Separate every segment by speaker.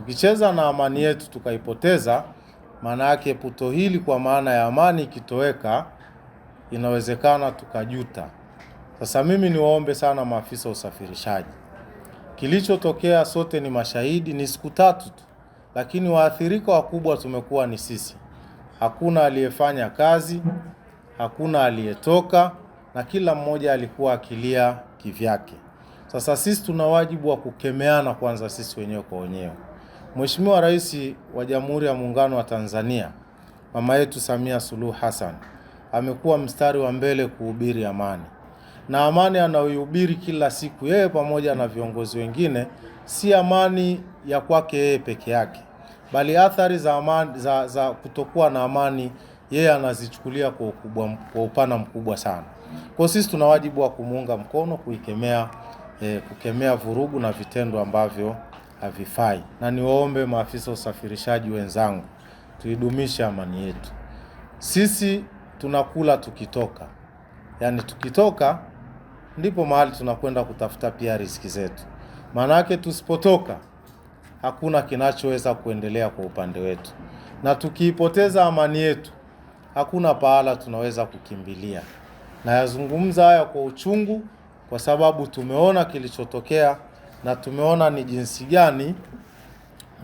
Speaker 1: Tukicheza na amani yetu tukaipoteza, maana yake puto hili kwa maana ya amani ikitoweka, inawezekana tukajuta. Sasa mimi niwaombe sana maafisa wa usafirishaji, kilichotokea sote ni mashahidi, ni siku tatu tu, lakini waathirika wakubwa tumekuwa ni sisi. Hakuna aliyefanya kazi, hakuna aliyetoka, na kila mmoja alikuwa akilia kivyake. Sasa sisi tuna wajibu wa kukemeana kwanza sisi wenyewe kwa wenyewe. Mheshimiwa Rais wa Jamhuri ya Muungano wa Tanzania, mama yetu Samia Suluhu Hassan amekuwa mstari wa mbele kuhubiri amani, na amani anayoihubiri kila siku yeye pamoja na viongozi wengine si amani ya kwake yeye peke yake, bali athari za, amani, za, za kutokuwa na amani yeye anazichukulia kwa ukubwa, kwa upana mkubwa sana. Kwa sisi tuna wajibu wa kumuunga mkono kuikemea, eh, kukemea vurugu na vitendo ambavyo havifai, na niwaombe maafisa usafirishaji wenzangu, tuidumishe amani yetu. Sisi tunakula tukitoka, yaani tukitoka ndipo mahali tunakwenda kutafuta pia riziki zetu, yake tusipotoka hakuna kinachoweza kuendelea kwa upande wetu, na tukiipoteza amani yetu hakuna pahala tunaweza kukimbilia. Nayazungumza haya kwa uchungu, kwa sababu tumeona kilichotokea na tumeona ni jinsi gani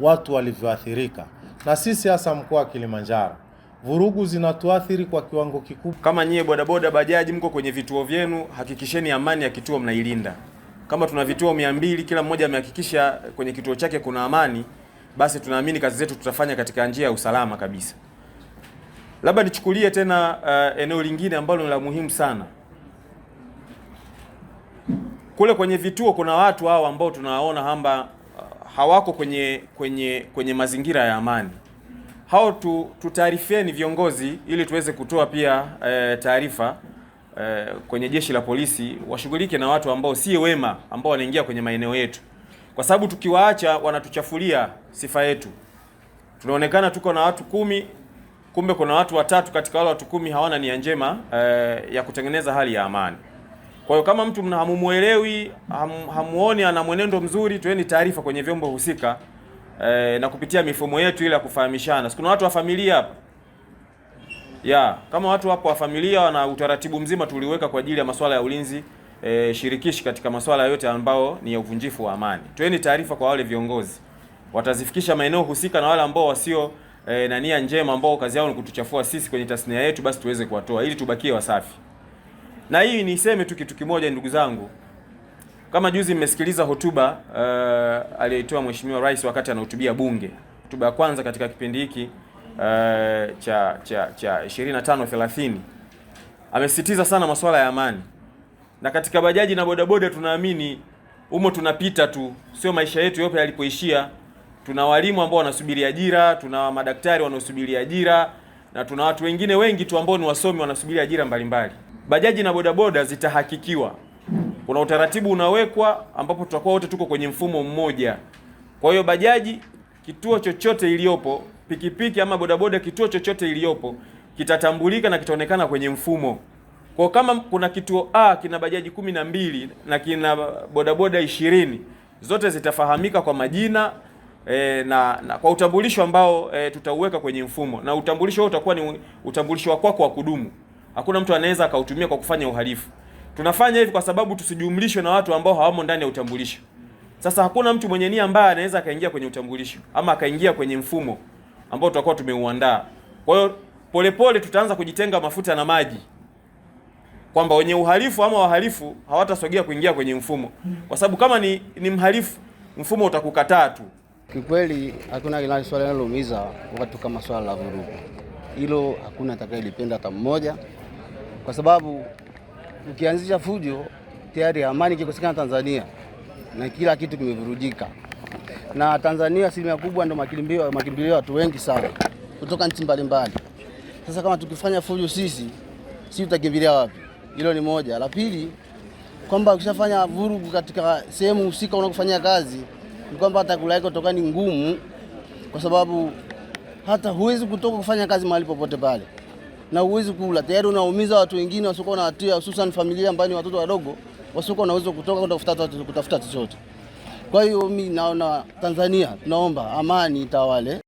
Speaker 1: watu walivyoathirika, na sisi hasa mkoa wa Kilimanjaro vurugu zinatuathiri kwa kiwango kikubwa. Kama nyie bodaboda, bajaji, mko kwenye vituo vyenu, hakikisheni amani ya kituo mnailinda. Kama tuna vituo mia mbili, kila mmoja amehakikisha kwenye kituo chake kuna amani, basi tunaamini kazi zetu tutafanya katika njia ya usalama kabisa. Labda nichukulie tena uh, eneo lingine ambalo ni la muhimu sana kule kwenye vituo kuna watu hao ambao tunaona hamba uh, hawako kwenye kwenye kwenye mazingira ya amani. Hao tu, tutaarifeni viongozi ili tuweze kutoa pia e, taarifa e, kwenye jeshi la polisi washughulike na watu ambao si wema ambao wanaingia kwenye maeneo yetu, kwa sababu tukiwaacha wanatuchafulia sifa yetu. Tunaonekana tuko na watu kumi, kumbe kuna watu watatu katika wale watu kumi hawana nia njema e, ya kutengeneza hali ya amani. Kwa hiyo kama mtu hamumuelewi, ham, hamuoni ana mwenendo mzuri, tueni taarifa kwenye vyombo husika e, na kupitia mifumo yetu ile ya kufahamishana. Sikuna watu wa familia hapa ya kama watu wapo wa familia wana utaratibu mzima tuliweka kwa ajili ya masuala ya ulinzi e, shirikishi katika masuala yote ambao ni ya uvunjifu wa amani. Tueni taarifa kwa wale viongozi, watazifikisha maeneo husika, na wale ambao wasio e, na nia njema ambao kazi yao ni kutuchafua sisi kwenye tasnia yetu, basi tuweze kuwatoa ili tubakie wasafi. Na hii niseme tu kitu kimoja, ndugu zangu, kama juzi mmesikiliza hotuba uh, eh, aliyoitoa Mheshimiwa Rais wakati anahutubia Bunge, hotuba ya kwanza katika kipindi hiki uh, cha cha cha 25 30, amesisitiza sana masuala ya amani, na katika bajaji na bodaboda tunaamini humo tunapita tu, sio maisha yetu yote yalipoishia. Tuna walimu ambao wanasubiri ajira, tuna madaktari wanaosubiri ajira, na tuna watu wengine wengi tu ambao ni wasomi wanasubiri ajira mbalimbali bajaji na bodaboda zitahakikiwa. Kuna utaratibu unawekwa ambapo tutakuwa wote tuko kwenye mfumo mmoja. Kwa hiyo bajaji kituo chochote iliyopo, pikipiki ama bodaboda kituo chochote iliyopo kitatambulika na kitaonekana kwenye mfumo. Kwa kama kuna kituo A kina bajaji kumi na mbili na kina bodaboda ishirini zote zitafahamika kwa majina e, na, na kwa utambulisho ambao e, tutauweka kwenye mfumo na utambulisho huo utakuwa ni utambulisho wa kwako wa kudumu. Hakuna mtu anaweza akautumia kwa kufanya uhalifu. Tunafanya hivi kwa sababu tusijumlishwe na watu ambao hawamo ndani ya utambulisho. Sasa hakuna mtu mwenye nia mbaya anaweza akaingia kwenye utambulisho ama akaingia kwenye mfumo ambao tutakuwa tumeuandaa. Kwa hiyo polepole tutaanza kujitenga mafuta na maji, kwamba wenye uhalifu ama wahalifu hawatasogea kuingia kwenye mfumo, kwa sababu kama ni, ni mhalifu mfumo utakukataa tu.
Speaker 2: Kikweli hakuna kila swala linalomiza watu kama swala la vurugu, hilo hakuna atakayelipenda hata mmoja kwa sababu ukianzisha fujo tayari amani ikikosekana Tanzania na kila kitu kimevurujika. Na Tanzania asilimia kubwa ndio makimbilio makimbilio watu wengi sana kutoka nchi mbalimbali. Sasa kama tukifanya fujo sisi, si tutakimbilia wapi? Hilo ni moja. La pili, kwamba ukishafanya vurugu katika sehemu husika unakofanyia kazi ni kwamba hata kula yako ni ngumu, kwa sababu hata huwezi kutoka kufanya kazi mahali popote pale na uwezi kula tayari, unaumiza watu wengine wasiokuwa na hatia, hususan familia ambayo ni watoto wadogo wasiokuwa na uwezo kutoka kutafuta kutafuta chochote. Kwa hiyo mimi naona Tanzania tunaomba amani itawale.